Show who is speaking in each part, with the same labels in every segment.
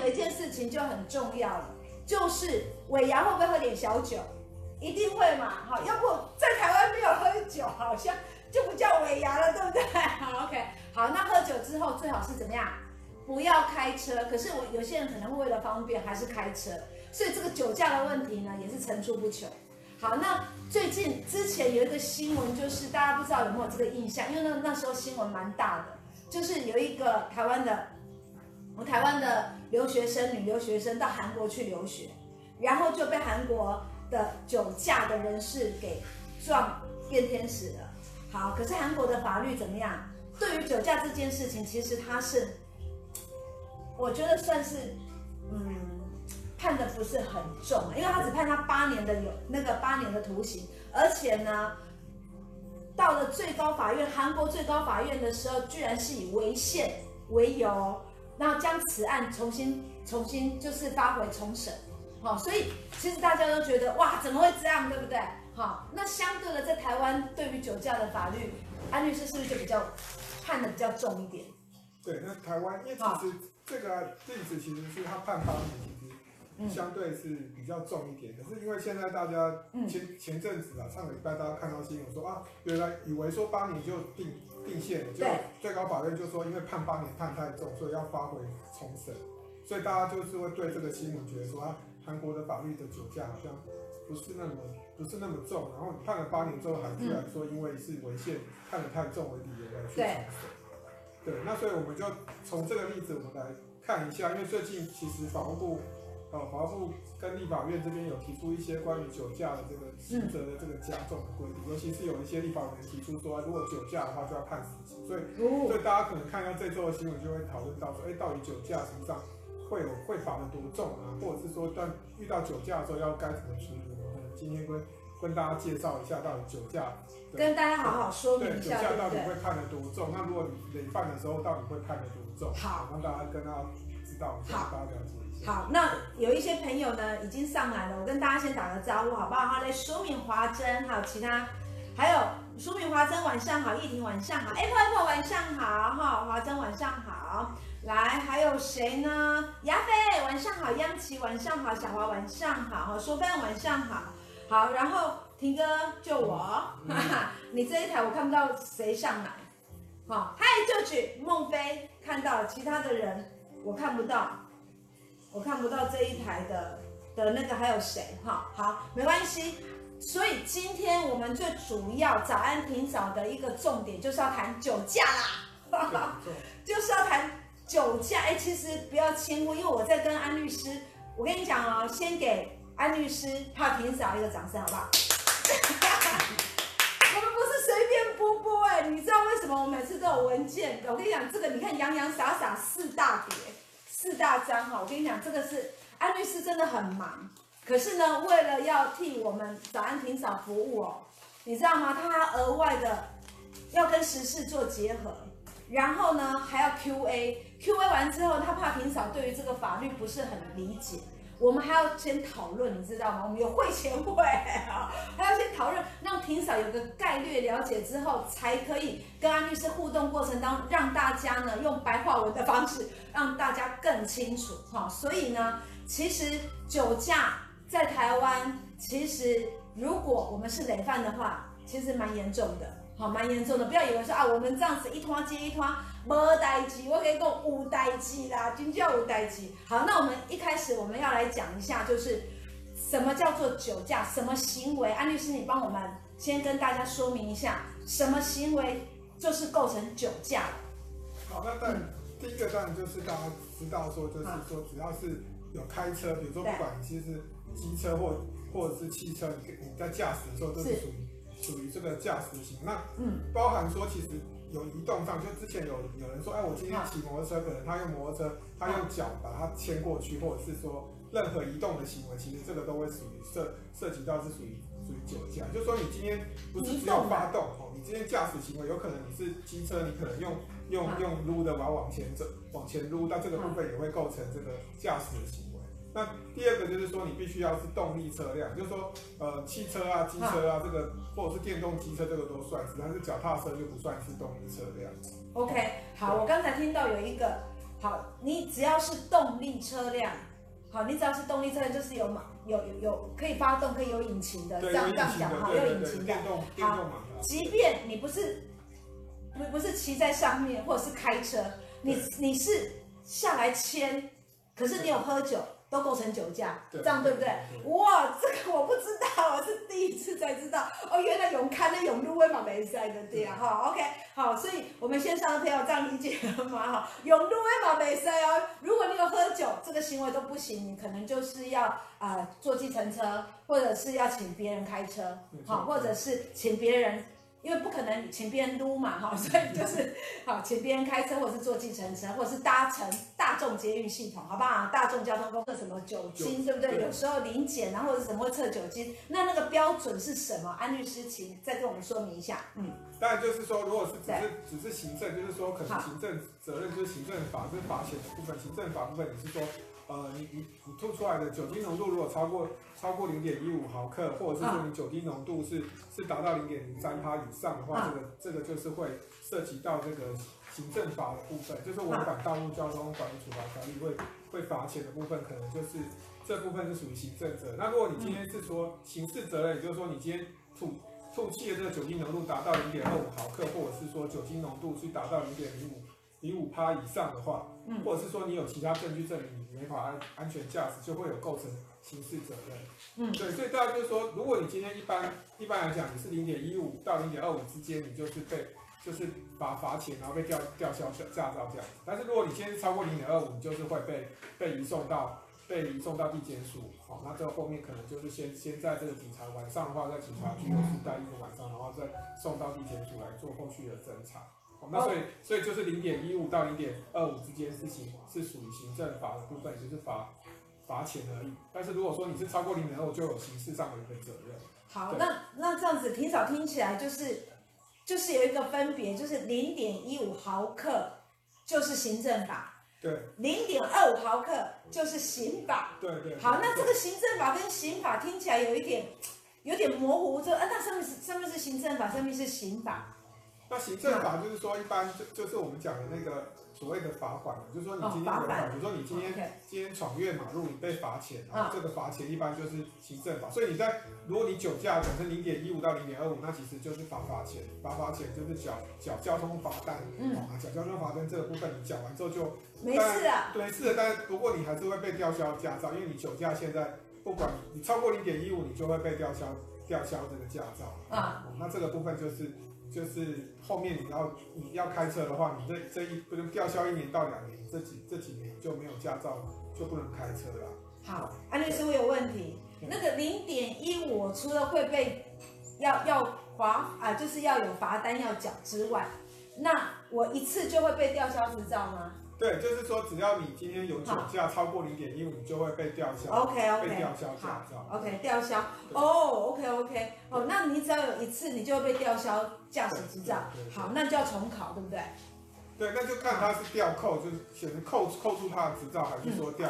Speaker 1: 有一件事情就很重要了，就是尾牙會不會喝點小酒？一定會嘛，好，要不在台灣沒有喝酒，好像就不叫尾牙了，對不對？好，OK，好，那喝酒之後最好是怎麼樣？不要開車。可是我有些人可能會為了方便還是開車，所以這個酒駕的問題呢也是層出不窮。好，那最近之前有一個新聞，就是大家不知道有沒有這個印象，因為那那時候新聞蠻大的，就是有一個台灣的。台灣的留學生，女留學生到韓國去留學，然後就被韓國的酒駕的人士給撞變天使了。好，可是韓國的法律怎麼樣？對於酒駕這件事情，其實他是，我覺得算是，嗯，判的不是很重，因為他只判他八年的有那個八年的徒刑，而且呢，到了最高法院，韓國最高法院的時候，居然是以違憲為由。然後將此案重新、重新就是發回重審，好、哦，所以其實大家都覺得哇，怎麼會這樣，對不對？好、哦，那相對的，在台灣對於酒駕的法律，安、啊、律師是不是就比較判得比較重一點？對，那
Speaker 2: 是台灣一直、哦、這個例子、這個、其實是他判八年。相對是比較重一點的，可是因為現在大家前前陣子啊，上個禮拜大家看到新聞說啊，原來以為說八年就定定線了，結果最高法院就說因為判八年判太重，所以要發回重審，所以大家就是會對這個新聞覺得說啊，韓國的法律的酒駕好像不是那麼不是那麼重，然後判了八年之後，還居然說因為是違憲判得太重為理由來去重審，對，對，那所以我們就從這個例子我們來看一下，因為最近其實法務部。哦，華府跟立法院這邊有提出一些關於酒駕的這個刑責，責的這個加重的規定，嗯、尤其是有一些立法員提出說，如果酒駕的話就要判死刑。所以，哦、所以大家可能看到這周的新聞就會討論到說，哎、欸，到底酒駕實際上會有會罰的多重啊，嗯、或者是說在遇到酒駕之後要幹什麼處理？所以，我們今天會跟、跟大家介紹一下到底酒駕跟大家好好說一下、嗯、對，酒駕到底會判的多重，對那如果你累犯對的時候到底會判的多重？好，我讓大家跟他知道，好，大家了解。
Speaker 1: 好，那有一些朋友呢已經上來了，我跟大家先打個招呼好不好？哈，來，蘇敏華珍，還有其他，還有蘇敏華珍晚上好，葉婷晚上好，apple apple 晚上好哈，華珍晚上好，來，還有誰呢？亞飛晚上好，央琪晚上好，小華晚上好哈，淑芬晚上好，好，然後婷哥救我，哈哈，你這一台我看不到誰上來，好，嗨就去孟非看到了，其他的人我看不到。我看不到這一台的、的那個還有誰哈？好，沒關係。所以今天我們最主要早安霆嫂的一個重點就是要談酒駕啦，就是要談酒駕。哎、欸，其實不要謙虛，因為我在跟安律師，我跟你講哦、喔，先給安律師、怕霆嫂一個掌聲，好不好？嗯、 我們不是隨便播播哎，你知道為什麼？我每次都有文件，我跟你講，這個你看洋洋灑灑四大疊。四大章哈，我跟你講，這個是安律師真的很忙，可是呢，為了要替我們早安霆嫂服務哦，你知道嗎？他額外的要跟時事做結合，然後呢，還要 Q A，Q A 完之後，他怕霆嫂對於這個法律不是很理解。我們還要先討論，你知道嗎？我們有會前會，還要先討論，讓霆嫂有個概略了解之後，才可以跟安律師互動。過程當中，讓大家呢用白話文的方式，讓大家更清楚哈、哦。所以呢，其實酒駕在台灣，其實如果我們是累犯的話，其實蠻嚴重的。好，蠻嚴重的，不要以為說啊，我們這樣子一攤接一攤無代誌，我可以講無代誌啦，真叫無代誌？好，那我們一開始我們要來講一下，就是什麼叫做酒駕，什麼行為？安律師，你幫我們先跟大家說明一下，什麼行為就是構成酒駕？
Speaker 2: 好，那當然，第一個當然就是大家知道說，就是說只要是有開車，比如說不管你其實是機車或或者是汽車，你你在駕駛的時候都是屬於。屬於這個駕駛型，那嗯，包含說其實有移動上，就之前有有人說，哎，我今天騎摩托車，啊、可能他用摩托車，他用腳把它牽過去，啊、或者是說任何移動的行為，其實這個都會屬於涉涉及到是屬於屬於酒駕，就說你今天不是只要發動哦、喔，你今天駕駛行為，有可能你是機車，你可能用用用擼的把它往前走，往前擼，但這個部分也會構成這個駕駛型。那第二個就是說，你必須要是動力車輛，就是說，呃，汽車啊、機車啊，這個或者是電動機車，這個都算是，只要是腳踏車就不算是動力車輛。
Speaker 1: OK，好，吧我剛才聽到有一個，好，你只要是動力車輛，好，你只要是動力車輛，就是有馬、有有有可以發動、可以有引擎的，這樣這樣講，哈，有引擎
Speaker 2: 的。電動電動馬
Speaker 1: 達。好對即便你不是不不是騎在上面，或者是開車，對你你是下來牽，可是你有喝酒。都構成酒駕，對這樣對不對？對對對對哇，這個我不知道，我是第一次才知道。哦，原來永康的永路威瑪梅塞那這樣哈，OK，好，所以我們線上的朋友這樣理解了嗎？哈，永路威瑪梅塞哦，如果你有喝酒，這個行為都不行，你可能就是要啊、呃、坐計程車，或者是要請別人開車，好，或者是請別人。因為不可能請別人擼嘛，哈，所以就是好，請別人開車，或者是坐計程車，或者是搭乘大眾捷運系統，好不好、啊？大眾交通工具什麼酒精，有對不對？對有時候臨檢，然後或者怎麼會測酒精？那那個標準是什麼？安律師，請再跟我們說明一下。嗯，
Speaker 2: 當然就是說，如果是只是對只是行政，就是說，可能行政責任就是行政法好就是法權的部分，嗯、行政法部分你是說。呃，你你，你吐出來的酒精濃度如果超過超過零點一五毫克，或者是說你酒精濃度是是達到零點零三趴以上的話，這個這個就是會涉及到這個行政法的部分，就是《違反道路交通管理處罰條例》會會罰錢的部分，可能就是這部分是屬於行政責。那如果你今天是說刑事責任，也就是說你今天吐吐氣的這個酒精濃度達到零點二五毫克，或者是說酒精濃度是達到零點零五。零五趴以上的話，嗯，或者是說你有其他證據證明你沒法安安全駕駛，就會有構成刑事責任。嗯，對，所以大家就是說，如果你今天一般一般來講，你是零點一五到零點二五之間，你就是被就是罰罰錢，然後被吊吊銷駕駕照這樣子。但是如果你先是超過零點二五，你就是會被被移送到被移送到地檢署，好，那這後，後面可能就是先先在這個警察晚上的話，在警察局又待一個晚上，然後再送到地檢署來做後續的偵查。那所以，oh. 所以就是零點一五到零點二五之間事情是屬於行政法的部分，也就是罰罰錢而已。但是如果說你是超過零點二五，就有刑事上的一個責任。
Speaker 1: 好，對那那這樣子，聽少聽起來就是就是有一個分別，就是零點一五毫克就是行政法，對；零點二五毫克就是刑法，對
Speaker 2: 對,對對。好，那
Speaker 1: 這個行政法跟刑法聽起來有一點有點模糊，就啊，那上面是上面是行政法，上面是刑法。
Speaker 2: 那行政法就是說，一般就就是我們講的那個所謂的罰款，嗯、就是說你今天，哦、比如說你今天、哦 okay. 今天闖越馬路，你被罰錢，然後這個罰錢一般就是行政法。啊、所以你在如果你酒駕，轉成零點一五到零點二五，那其實就是罰罰錢，罰罰錢就是繳繳交通罰單。嗯繳、哦、交通罰單這個部分你繳完之後就沒事了，然沒事了。但不過你還是會被吊銷駕照，因為你酒駕現在不管你你超過零點一五，你就會被吊銷吊銷這個駕照。啊,啊、嗯，那這個部分就是。就是後面你要你要開車的話，你這這一不能吊銷一年到兩年，這幾這幾年就沒有駕照就不能開車了、啊。
Speaker 1: 好，安律師，我有問題。那個零點一，我除了會被要要罰啊、呃，就是要有罰單要繳之外，那我一次就會被吊銷執照嗎？
Speaker 2: 對，就是說只要你今天有酒駕超過零點一五，就會被吊銷。OK
Speaker 1: OK。被吊銷駕照。OK 吊銷。哦，OK OK 哦，那你只要有一次，你就會被吊銷駕駛執照。好，那就要重考，對不對？
Speaker 2: 對，那就看他是吊扣，就是顯示扣扣住他的執照，還是說吊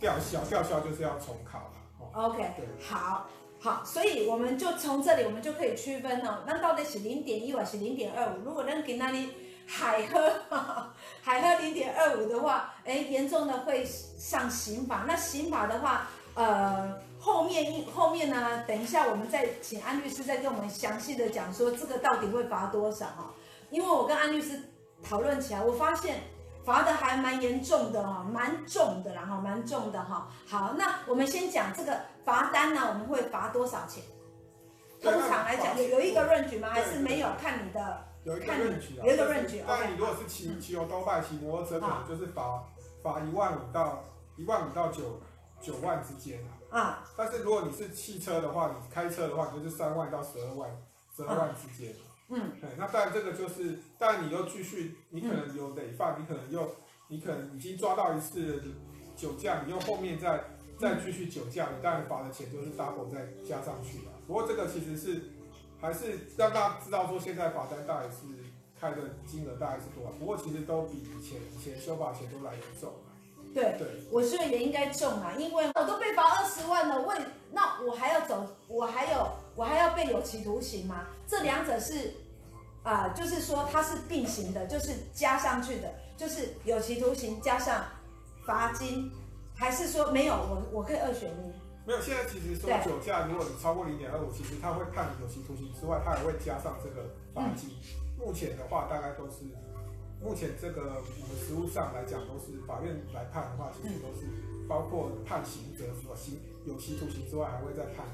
Speaker 2: 吊銷？吊銷就是要重考
Speaker 1: 了。OK。對，好，好，所以我們就從這裡，我們就可以區分了。那到底是零點一五還是零點二五？如果能給那裡。海喝，海喝零點二五的話，哎，嚴重的會上刑法。那刑法的話，呃，後面一後面呢，等一下我們再請安律師再跟我們詳細的講說這個到底會罰多少哈。因為我跟安律師討論起來，我發現罰的還蠻嚴重的哈，蠻重的啦哈，然後蠻重的哈。好，那我們先講這個罰單呢，我們會罰多少錢？
Speaker 2: 通常來講有有一個 range 嗎？還是沒有？看
Speaker 1: 你的。有看 一個範圍啊的，
Speaker 2: 但，是但你如果是騎騎歐兜拜騎摩托車，可 Okay, 騎能好就是罰罰一萬五到一萬五到九九萬之間啊。啊但是如果你是汽車的話，你開車的話，你就是三萬到十二萬十二萬之間、啊啊。嗯，對那但這個就是，但你又繼續，你可能有累犯，嗯、你可能又你可能已經抓到一次酒駕，你又後面再再繼續酒駕，你但罰的錢就是 double 再加上去、啊、不過這個其實是。還是讓大家知道說，現在罰單大概是開的金額大概是多少？不過其實都比以前以前修法前都來得重對對，對我
Speaker 1: 覺得也應該重啊，因為我都被罰二十萬了。問那我還要走，我還有我還要被有期徒刑嗎？這兩者是啊、呃，就是說它是並行的，就是加上去的，就是有期徒刑加上罰金，還是說沒有我我可以二選一？
Speaker 2: 沒有，現在其實說酒駕，如果你超過零點二五，其實他會判有期徒刑之外，他還會加上這個罰金。嗯、目前的話，大概都是目前這個我們實務上來講，都是法院來判的話，其實都是包括判刑責，刑、嗯、有期徒刑之外，還會再判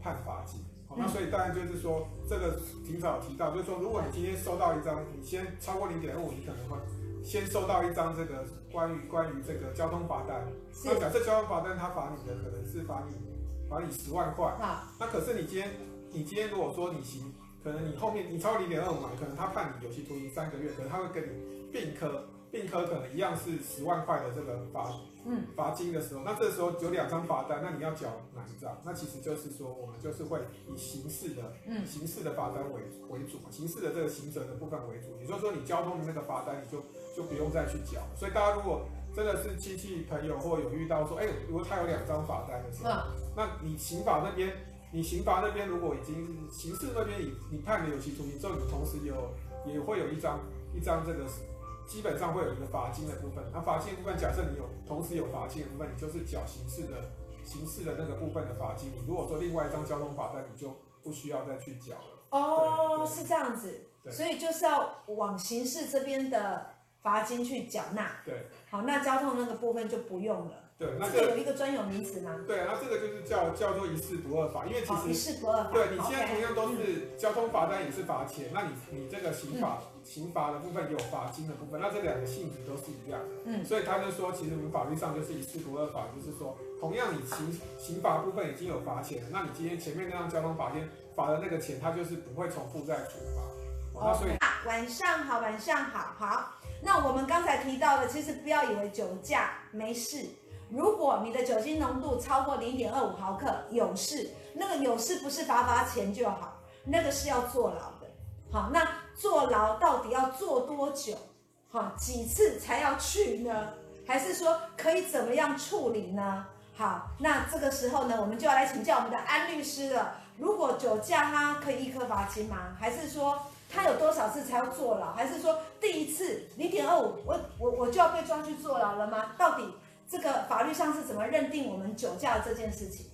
Speaker 2: 判罰金。嗯、那所以當然就是說，這個挺早提到，就是說如果你今天收到一張，你先超過零點二五，你可能會。先收到一張這個關於關於這個交通罰單。是那假設交通罰單他罰你的可能是罰你罰你十萬塊，好那可是你今天你今天如果說你行，可能你後面你超零點二五嘛，可能他判你有期徒刑三個月，可能他會跟你併科併科，科可能一樣是十萬塊的這個罰嗯罰金的時候，那這時候有兩張罰單，那你要繳哪一張？那其實就是說我們就是會以刑事的嗯刑事的罰單為為主，刑事、嗯、的這個刑責的部分為主，也就是說你交通的那個罰單你就。就不用再去繳，所以大家如果真的是親戚朋友，或有遇到說，哎，如果他有兩張罰單的時候，嗯、那你刑法那邊，你刑法那邊如果已經刑事那邊已你判了有期徒刑之後，你同時有也會有一張一張這個基本上會有一個罰金的部分。那、啊、罰金的部分，假設你有同時有罰金的部分，你就是繳刑事的刑事的那個部分的罰金。你如果說另外一張交通罰單，你就不需要再去繳
Speaker 1: 了。哦，是這樣子，對所以就是要往刑事這邊的。罰金去繳納，對，好，那交通那個部分就不用了，
Speaker 2: 對，那、這個有一個專有名詞嗎？對，那這個就是叫叫做一事不二罰，因為其實，哦、一事不二罰，對，好你現在同樣都是交通罰單也是罰錢，嗯、那你你這個刑法、嗯、刑罰的部分也有罰金的部分，那這兩個性質都是一樣、嗯、所以他就說，其實我們法律上就是一事不二罰，就是說，同樣你刑刑罰部分已經有罰錢了，那你今天前面那張交通罰單罰的那個錢，他就是不會重複再處罰，那所以、啊、
Speaker 1: 晚上好，晚上好，好。那我們剛才提到的，其實不要以為酒駕沒事。如果你的酒精濃度超過零點二五毫克，有事。那個有事不是罰罰錢就好，那個是要坐牢的。好，那坐牢到底要坐多久？好，幾次才要去呢？還是說可以怎麼樣處理呢？好，那這個時候呢，我們就要來請教我們的安律師了。如果酒駕，它可以易科罰金嗎？還是說？他有多少次才要坐牢？還是說第一次零點二五，我我我就要被抓去坐牢了嗎？到底這個法律上是怎麼認定我們酒駕這件
Speaker 2: 事情？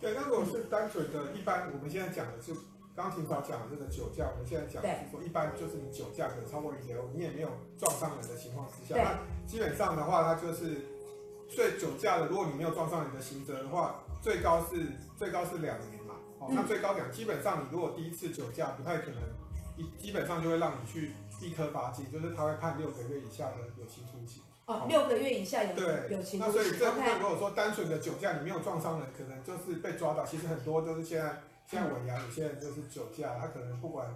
Speaker 2: 對，那如果是單純的一般我的剛剛的，我們現在講的就剛剛霆嫂講的這個酒駕，我們現在講的，說一般就是你酒駕可能超過零點二五，2, 你也沒有撞上人的情況之下，對那基本上的話，它就是對酒駕的，如果你沒有撞上人的刑責的話，最高是最高是兩年嘛。嗯、哦，那最高兩，基本上你如果第一次酒駕不太可能。基本上就會讓你去易科罰金，就是他會判六個月以下的有期徒刑。哦，吧六個月以下有，對有期徒刑。那所以這部分如果說單純的酒駕，你沒有撞傷人，可能就是被抓到。其實很多就是現在現在尾牙，有些人就是酒駕，他可能不管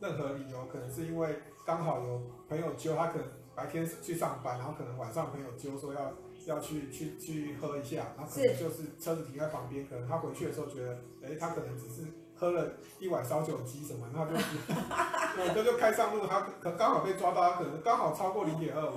Speaker 2: 任何理由，可能是因為剛好有朋友揪，他可能白天去上班，然後可能晚上朋友揪說要要去去去喝一下，那可能就是車子停在旁邊，是可能他回去的時候覺得，誒、欸，他可能只是。喝了一碗燒酒雞什麼，那就是，他 就開上路，他可剛好被抓到，他可能剛好超過零點二五，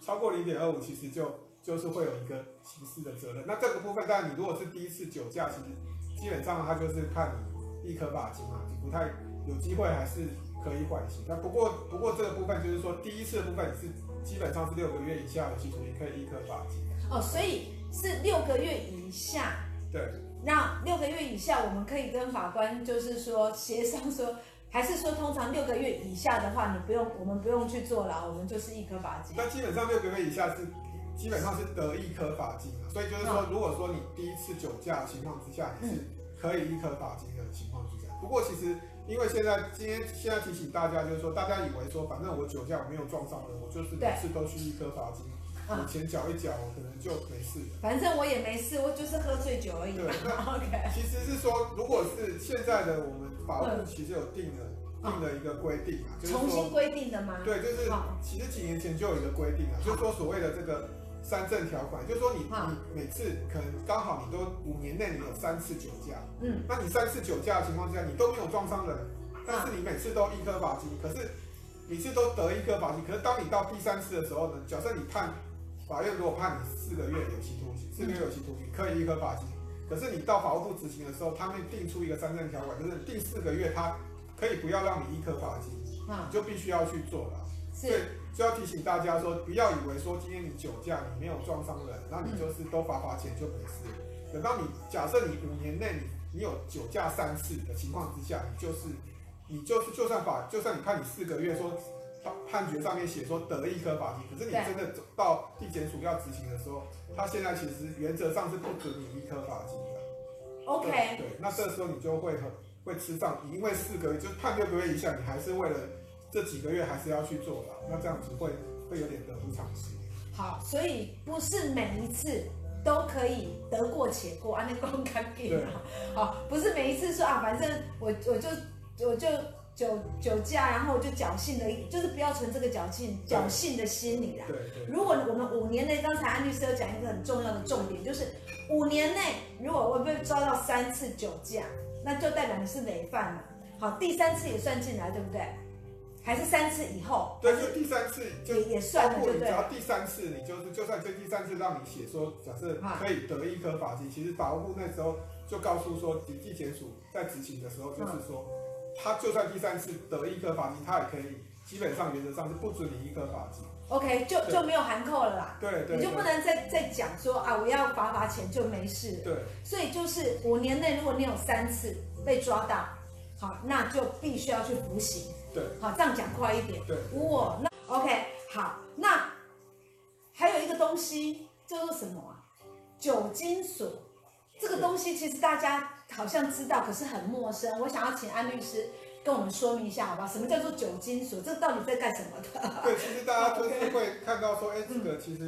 Speaker 2: 超過零點二五，其實就就是會有一個刑事的責任。那這個部分，當然你如果是第一次酒駕，其實基本上他就是判你易科罰金嘛，不太有機會還是可以緩刑。那不過不過這個部分就是說，第一次的部分你是基本上是六個月以下的，其實你可以易科罰金。
Speaker 1: 哦，所以是六個月以下。對。那六個月以下，我們可以跟法官就是說協商說，還是說通常六個月以下的話，你不用，我們不用去坐牢，我們就是易科罰金。那
Speaker 2: 基本上六個月以下是，基本上是得易科罰金嘛。所以就是說，如果說你第一次酒駕情況之下，你是可以易科罰金的情況之下。不過其實因為現在今天現在提醒大家，就是說大家以為說反正我酒駕我沒有撞傷人，我就是每次都去易科罰金。以前攪一攪，可能就沒事了。反正我也沒事，我就
Speaker 1: 是喝醉酒而已。對，OK。那其
Speaker 2: 實是說，如果是現在的我們法律，其實有定了、嗯、定了一個規定、啊就是、重新規
Speaker 1: 定的嗎？對，就是
Speaker 2: 其實幾年前就有一個規定了、啊、哦、就是說所謂的這個三證條款，哦、就是說你你每次可能剛好你都五年內你有三次酒駕，嗯，那你三次酒駕的情況下，你都沒有撞傷人，但是你每次都一顆罰金，可是每次都得一顆罰金，可是當你到第三次的時候呢，假設你判。法院如果判你四個月有期徒刑，四個月有期徒刑、嗯、可以易科罰金，可是你到法務部執行的時候，他會定出一個三振條款，就是定四個月，他可以不要讓你易科罰金，啊、你就必須要去做了。是所以就要提醒大家說，不要以為說今天你酒駕你沒有撞傷人，那你就是都罰罰錢就沒事。等到你假設你五年內你，你有酒駕三次的情況之下，你就是你就是就算法，就算你判你四個月說。判決上面寫說得易科罰金，可是你真的走到地檢署要執行的時候，他對現在其實原則上是不給你易科罰金的。OK。對，那這時候你就會很會吃上，因為四個月就判六個月以下，你還是為了這幾個月還是要去坐牢，那這樣子會會有點得不償失。
Speaker 1: 好，所以不是每一次都可以得過且過，安內光干給。對
Speaker 2: 好，
Speaker 1: 不是每一次說啊，反正我我就我就。我就酒酒駕，然後就僥倖的，就是不要存這個僥倖僥倖的心理啦。對，對，對，如果我們五年內，剛才安律師有講一個很重要的重點，就是五年內如果我被抓到三次酒駕，那就代表你是累犯了。好，第三次也算進來，對不對？還是三次以後？
Speaker 2: 對，就第三次就也算了，對了，對不對？你只要第三次，你就是就算這第三次讓你寫說，假設可以得易科罰金，啊、其實法務部那時候就告訴說，地檢署在執行的時候就是說。嗯他就算第三次得易科罰金，他也可以基本上原則上是不准你易科罰金。
Speaker 1: OK，就對就沒有含扣了啦。對對。對，你就不能再再對講說啊，我要罰罰錢就沒事。對。所以就是五年內如果你有三次被抓到，好，那就必須要去服刑。對。好，這樣講快一點。對。哇、oh，那 OK，好，那還有一個東西叫做什麼啊？酒精鎖，這個東西其實大家。好像知道，可是很陌生。我想要請安律師跟我們說明一下，好不好？什麼
Speaker 2: 叫做酒精鎖？這到底在幹什麼的？對，其實大家都會看到說，哎、 欸，這個其實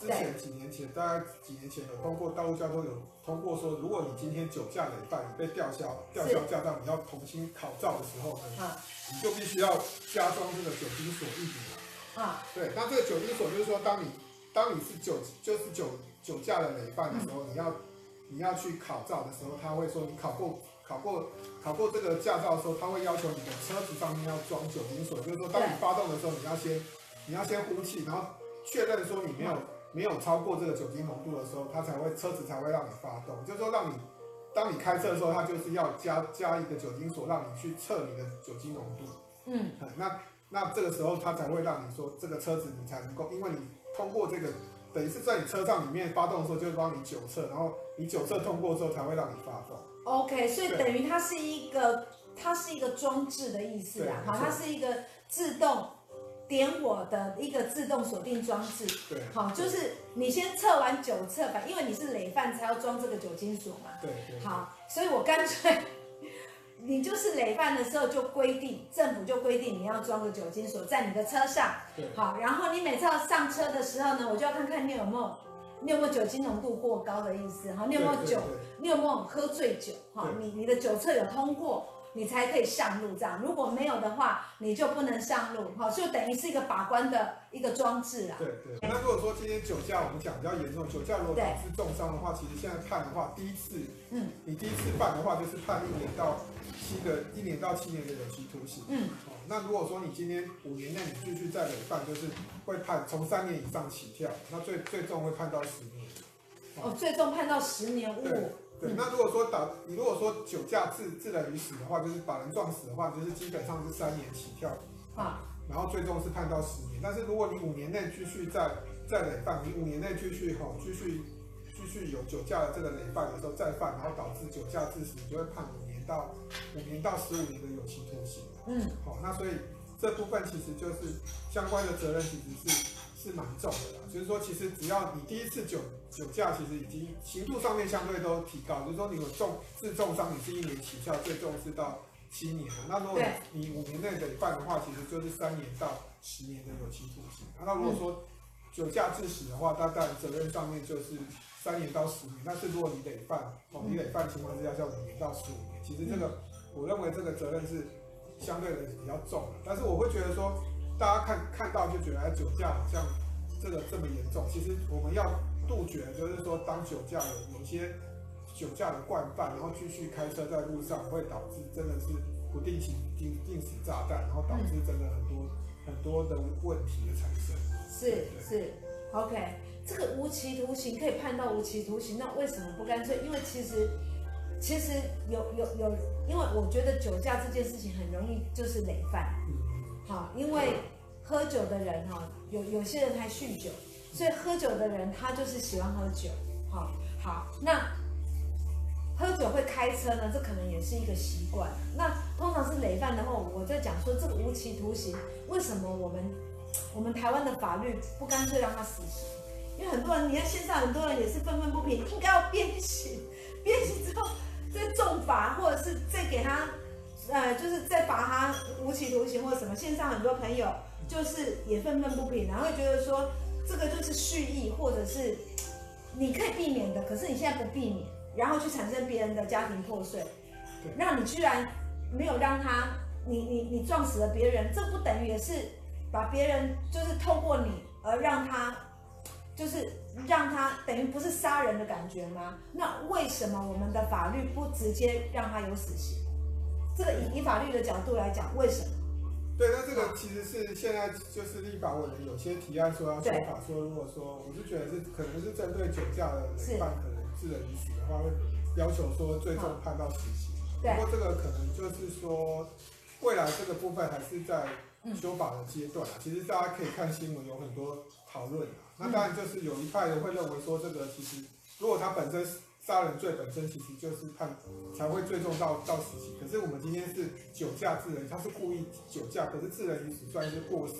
Speaker 2: 之前幾年前，嗯、大概幾年前有通過道路交通有通過說，如果你今天酒駕累犯，你被吊銷吊銷駕照，你要重新考照的時候，啊是，你就必須要加裝這個酒精鎖一點。啊、嗯，對，那這個酒精鎖就是說，當你當你是酒就是酒酒駕的累犯的時候，嗯、你要。你要去考照的時候，他會說你考過考過考過這個駕照的時候，他會要求你的車子上面要裝酒精鎖，就是說當你發動的時候，你要先你要先呼氣，然後確認說你沒有沒有超過這個酒精濃度的時候，它才會車子才會讓你發動，就是說讓你當你開車的時候，它就是要加加一個酒精鎖，讓你去測你的酒精濃度。嗯，那那這個時候它才會讓你說這個車子你才能夠，因為你通過這個。等於是在你車上裡面發動的時候，就會幫你酒測，然後你酒測通過之後才會讓你發動。
Speaker 1: OK，所以等於它是一個，對它是一個裝置的意思啊。好，它是一個自動點火的一個自動鎖定裝置。對，好，就是你先測完酒測吧，因為你是累犯才要裝這個酒精鎖嘛。對，對對。好，所以我乾脆。 你就是累犯的時候就，就規定政府就規定你要裝個酒精鎖在你的車上，對好，然後你每次要上車的時候呢，我就要看看你有沒有你有沒有酒精濃度過高的意思哈，你有沒有酒，對對對你有沒有喝醉酒哈，好對你你的酒測有通過。你才可以上路這樣，如果沒有的話，你就不能上路，好，就等於是一個把關的一個裝置
Speaker 2: 啊。對對。那如果說今天酒駕，我們講比較嚴重，酒駕如果是重傷的話，對其實現在判的話，第一次，嗯，你第一次犯的話，就是判一年到七個一年到七年有期徒刑。嗯、哦。那如果說你今天五年內你繼續再累犯，就是會判從三年以上起跳，那最最重會判到十年。
Speaker 1: 啊、哦，最重判到十年五五，哦。
Speaker 2: 對，那如果說導你如果說酒駕致致人於死的話，就是把人撞死的話，就是基本上是三年起跳啊，然後最終是判到十年。但是如果你五年內繼續再再累犯，你五年內繼續吼繼續、哦、繼續有酒駕的這個累犯的時候再犯，然後導致酒駕致死，你就會判五年到五年到十五年的有期徒刑。嗯，好、哦，那所以這部分其實就是相關的責任其實是。是蠻重的啦，就是說，其實只要你第一次酒酒駕，其實已經刑度上面相對都提高。就是說你，你有重致重傷，你是一年起效，最重是到七年。那如果你五年內得犯的話，其實就是三年到十年的有期徒刑。嗯、那如果說酒駕致死的話，那當然責任上面就是三年到十年。但是如果你得犯、嗯、哦，你得犯情況之下叫五年到十五年。其實這個、嗯、我認為這個責任是相對的比較重的，但是我會覺得說。大家看看到就覺得酒駕好像這個這麼嚴重，其實我們要杜絕，就是說當酒駕的有，有些酒駕的慣犯，然後繼續開車在路上，會導致真的是不定期定定時炸彈，然後導致真的很多、嗯、很多的問題的產生。
Speaker 1: 是對是，OK，這個無期徒刑可以判到無期徒刑，那為什麼不乾脆？因為其實其實有有有，因為我覺得酒駕這件事情很容易就是累犯。嗯好，因為喝酒的人哈、喔，有有些人還酗酒，所以喝酒的人他就是喜歡喝酒。哈，好，那喝酒會開車呢，這可能也是一個習慣。那通常是累犯的話，我在講說這個無期徒刑，為什麼我們我們台灣的法律不乾脆讓他死刑？因為很多人，你看現在很多人也是憤憤不平，應該要鞭刑，鞭刑之後再重罰，或者是再給他。呃，就是在把他無期徒刑或什麼，線上很多朋友就是也憤憤不平，然後覺得說這個就是蓄意，或者是你可以避免的，可是你現在不避免，然後去產生別人的家庭破碎，那對你居然沒有讓他，你你你撞死了別人，這不等於也是把別人就是透過你而讓他，就是讓他等於不是殺人的感覺嗎？那為什麼我們的法律不直接讓他有死刑？這個
Speaker 2: 以以法律的角度來講，為什麼？對，那這個其實是現在就是立法委員有些提案說要修法說，說對如果說我是覺得是可能是針對酒駕的累犯，可能人是允許的話，會要求說最終判到死刑。不過好這個可能就是說對未來這個部分還是在修法的階段。嗯、其實大家可以看新聞，有很多討論、啊嗯、那當然就是有一派人會認為說，這個其實如果他本身是。殺人罪本身其實就是判才會最重到到死刑，可是我們今天是酒駕致人，他是故意酒駕，可是致人於死算是過失，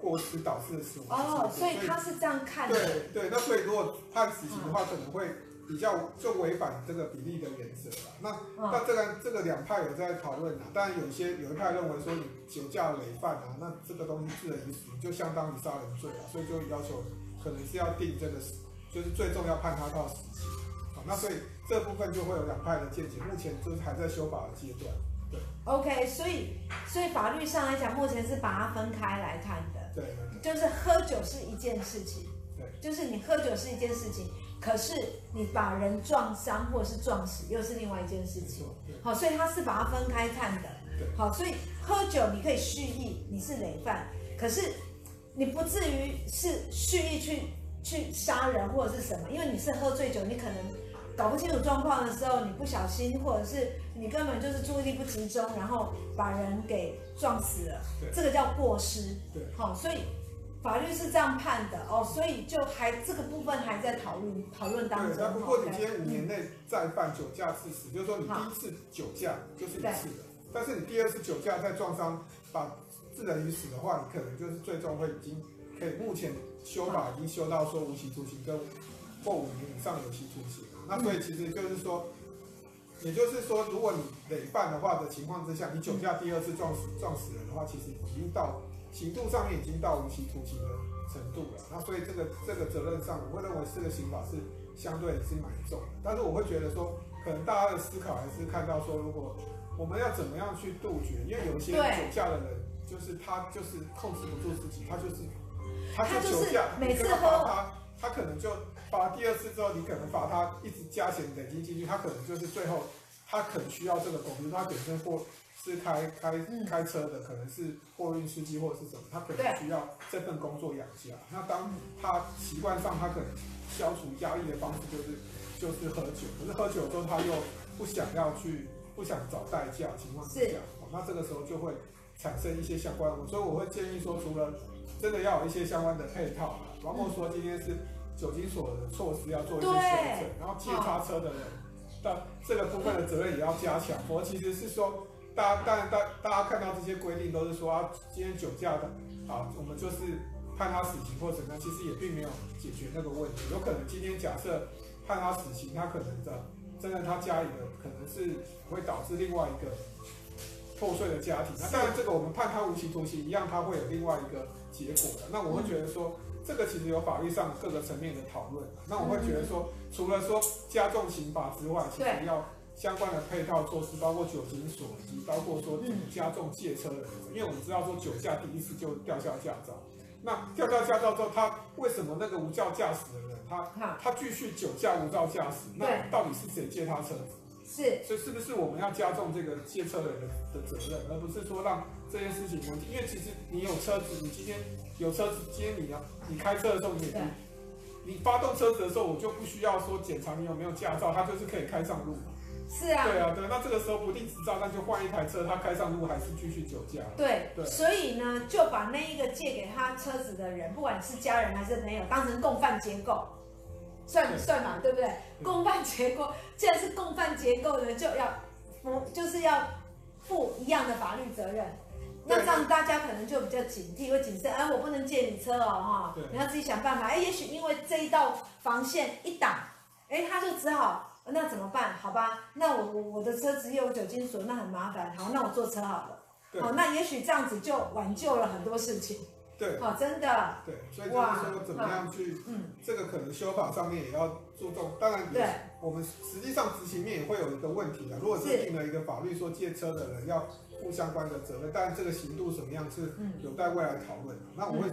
Speaker 2: 過失導致的死亡。哦，所以他
Speaker 1: 是這樣看的。對
Speaker 2: 對，那所以如果判死刑的話，可能會比較就違反這個比例的原則吧。那那這個這個兩派有在討論啊，當然有些有一派認為說你酒駕累犯啊，那這個東西致人於死就相當於殺人罪啊，所以就要求可能是要定這個死就是最重要判他到死刑。那所以這部分就會有兩派的見解，目前就是還在修法的階段。對。
Speaker 1: OK，所以所以法律上來講，目前是把它分開來看的。對。就是喝酒是一件事情。對。就是你喝酒是一件事情，可是你把人撞傷或者是撞死又是另外一件事情。好，所以它是把它分開看的。對。好，所以喝酒你可以蓄意，你是累犯，可是你不至於是蓄意去去殺人或者是什麼，因為你是喝醉酒，你可能。搞不清楚狀況的時候，你不小心，或者是你根本就是注意力不集中，然後把人給撞死了，對這個叫過失。對，好，哦，所以法律是這樣判的哦，所以就還這個部分還在討論討論當中。不過你今天五年
Speaker 2: 內再犯酒駕致死，okay, 嗯，就是說你第一次酒駕就是一次的，對但是你第二次酒駕再撞傷把致人於死的話，你可能就是最終會已經，以目前修法好已經修到說無期徒刑或五年以上有期徒刑，那所以其實就是說，嗯、也就是說，如果你累犯的話的情況之下，你酒駕第二次撞死、嗯、撞死人的話，其實已經到刑度上面已經到無期徒刑的程度了。那所以這個這個責任上，我會認為這個刑法是相對是蠻重的。但是我會覺得說，可能大家的思考還是看到說，如果我們要怎麼樣去杜絕，因為有一些酒駕的人，就是對他就是控制不住自己，他就是，他，是酒駕他就是每次喝他，他可能就。罰第二次之後，你可能把他一直加錢累積進去，他可能就是最後他可能需要這個工資。他本身或是開開開車的，可能是貨運司機或者是什麼，他可能需要這份工作養家。對那當他習慣上，他可能消除壓力的方式就是就是喝酒。可是喝酒之後，他又不想要去，不想找代駕情況是這樣。是那這個時候就會產生一些相關，所以我會建議說，除了真的要有一些相關的配套啊。然後說今天是。嗯酒精鎖的措施要做一些修正，對然後借他車的人，哦、但這個部分的責任也要加強。我其實是說，大當然大大家看到這些規定都是說啊，今天酒駕的，好、啊，我們就是判他死刑或者呢，其實也並沒有解決那個問題。有可能今天假設判他死刑，他可能的真的他家裡的可能是會導致另外一個破碎的家庭。是的啊、但然這個我們判他無期徒刑一樣，他會有另外一個結果的。那我會覺得說。嗯這個其實有法律上各個層面的討論，那我會覺得說，除了說加重刑罰之外，其實要相關的配套措施，包括酒精鎖機，包括說加重借車的人，因為我們知道說酒駕第一次就吊銷駕照，那吊銷駕照之後，他為什麼那個無照駕駛的人，他他繼續酒駕無照駕駛，那到底是誰借他車子？是，所以是不是我們要加重這個借車人的的責任，而不是說讓這件事情？因為其實你有車子，你今天有車子，接你啊，你開車的時候，你也就對你發動車子的時候，我就不需要說檢查你有沒有駕照，他就是可以開上路嘛。是啊，啊，對啊，對。那這個時候不定時照，那就換一台車，他開上路還是繼續酒駕？對
Speaker 1: 對。對。所以呢，就把那一個借給他車子的人，不管你是家人還是朋友，當成共犯結構。算算嘛，對，對不對？嗯、共犯結構，既然是共犯結構呢，就要負，就是要負一樣的法律責任。對那這樣大家可能就比較警惕，或謹慎。哎，我不能借你車哦，哈。對你要自己想辦法。哎，也許因為這一道防線一擋，哎，他就只好那怎麼辦？好吧，那我我我的車只有酒精鎖，那很麻煩。好，那我坐車好了。對好，那也許這樣子就挽救了很多事情。對、哦，真的。
Speaker 2: 對，所以就是說怎麼樣去，這個可能修法上面也要注重。嗯、當然也，對我們實際上執行面也會有一個問題的。如果是定了一個法律說借車的人要負相關的責任，是但這個刑度怎麼樣是有待未來討論。嗯、那我們會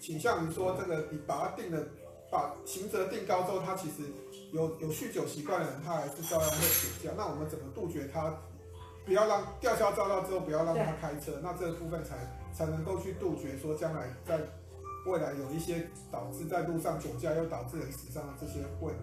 Speaker 2: 傾向於說，這個你把它定的，嗯、把刑責定高之後，他其實有有酗酒習慣的人，他還是照樣會酒駕。那我們怎麼杜絕他，不要讓吊銷駕照到之後不要讓他開車？對那這部分才。才能夠去杜絕說將來在未來有一些導致在路上酒駕，又導致人死傷的這些問題。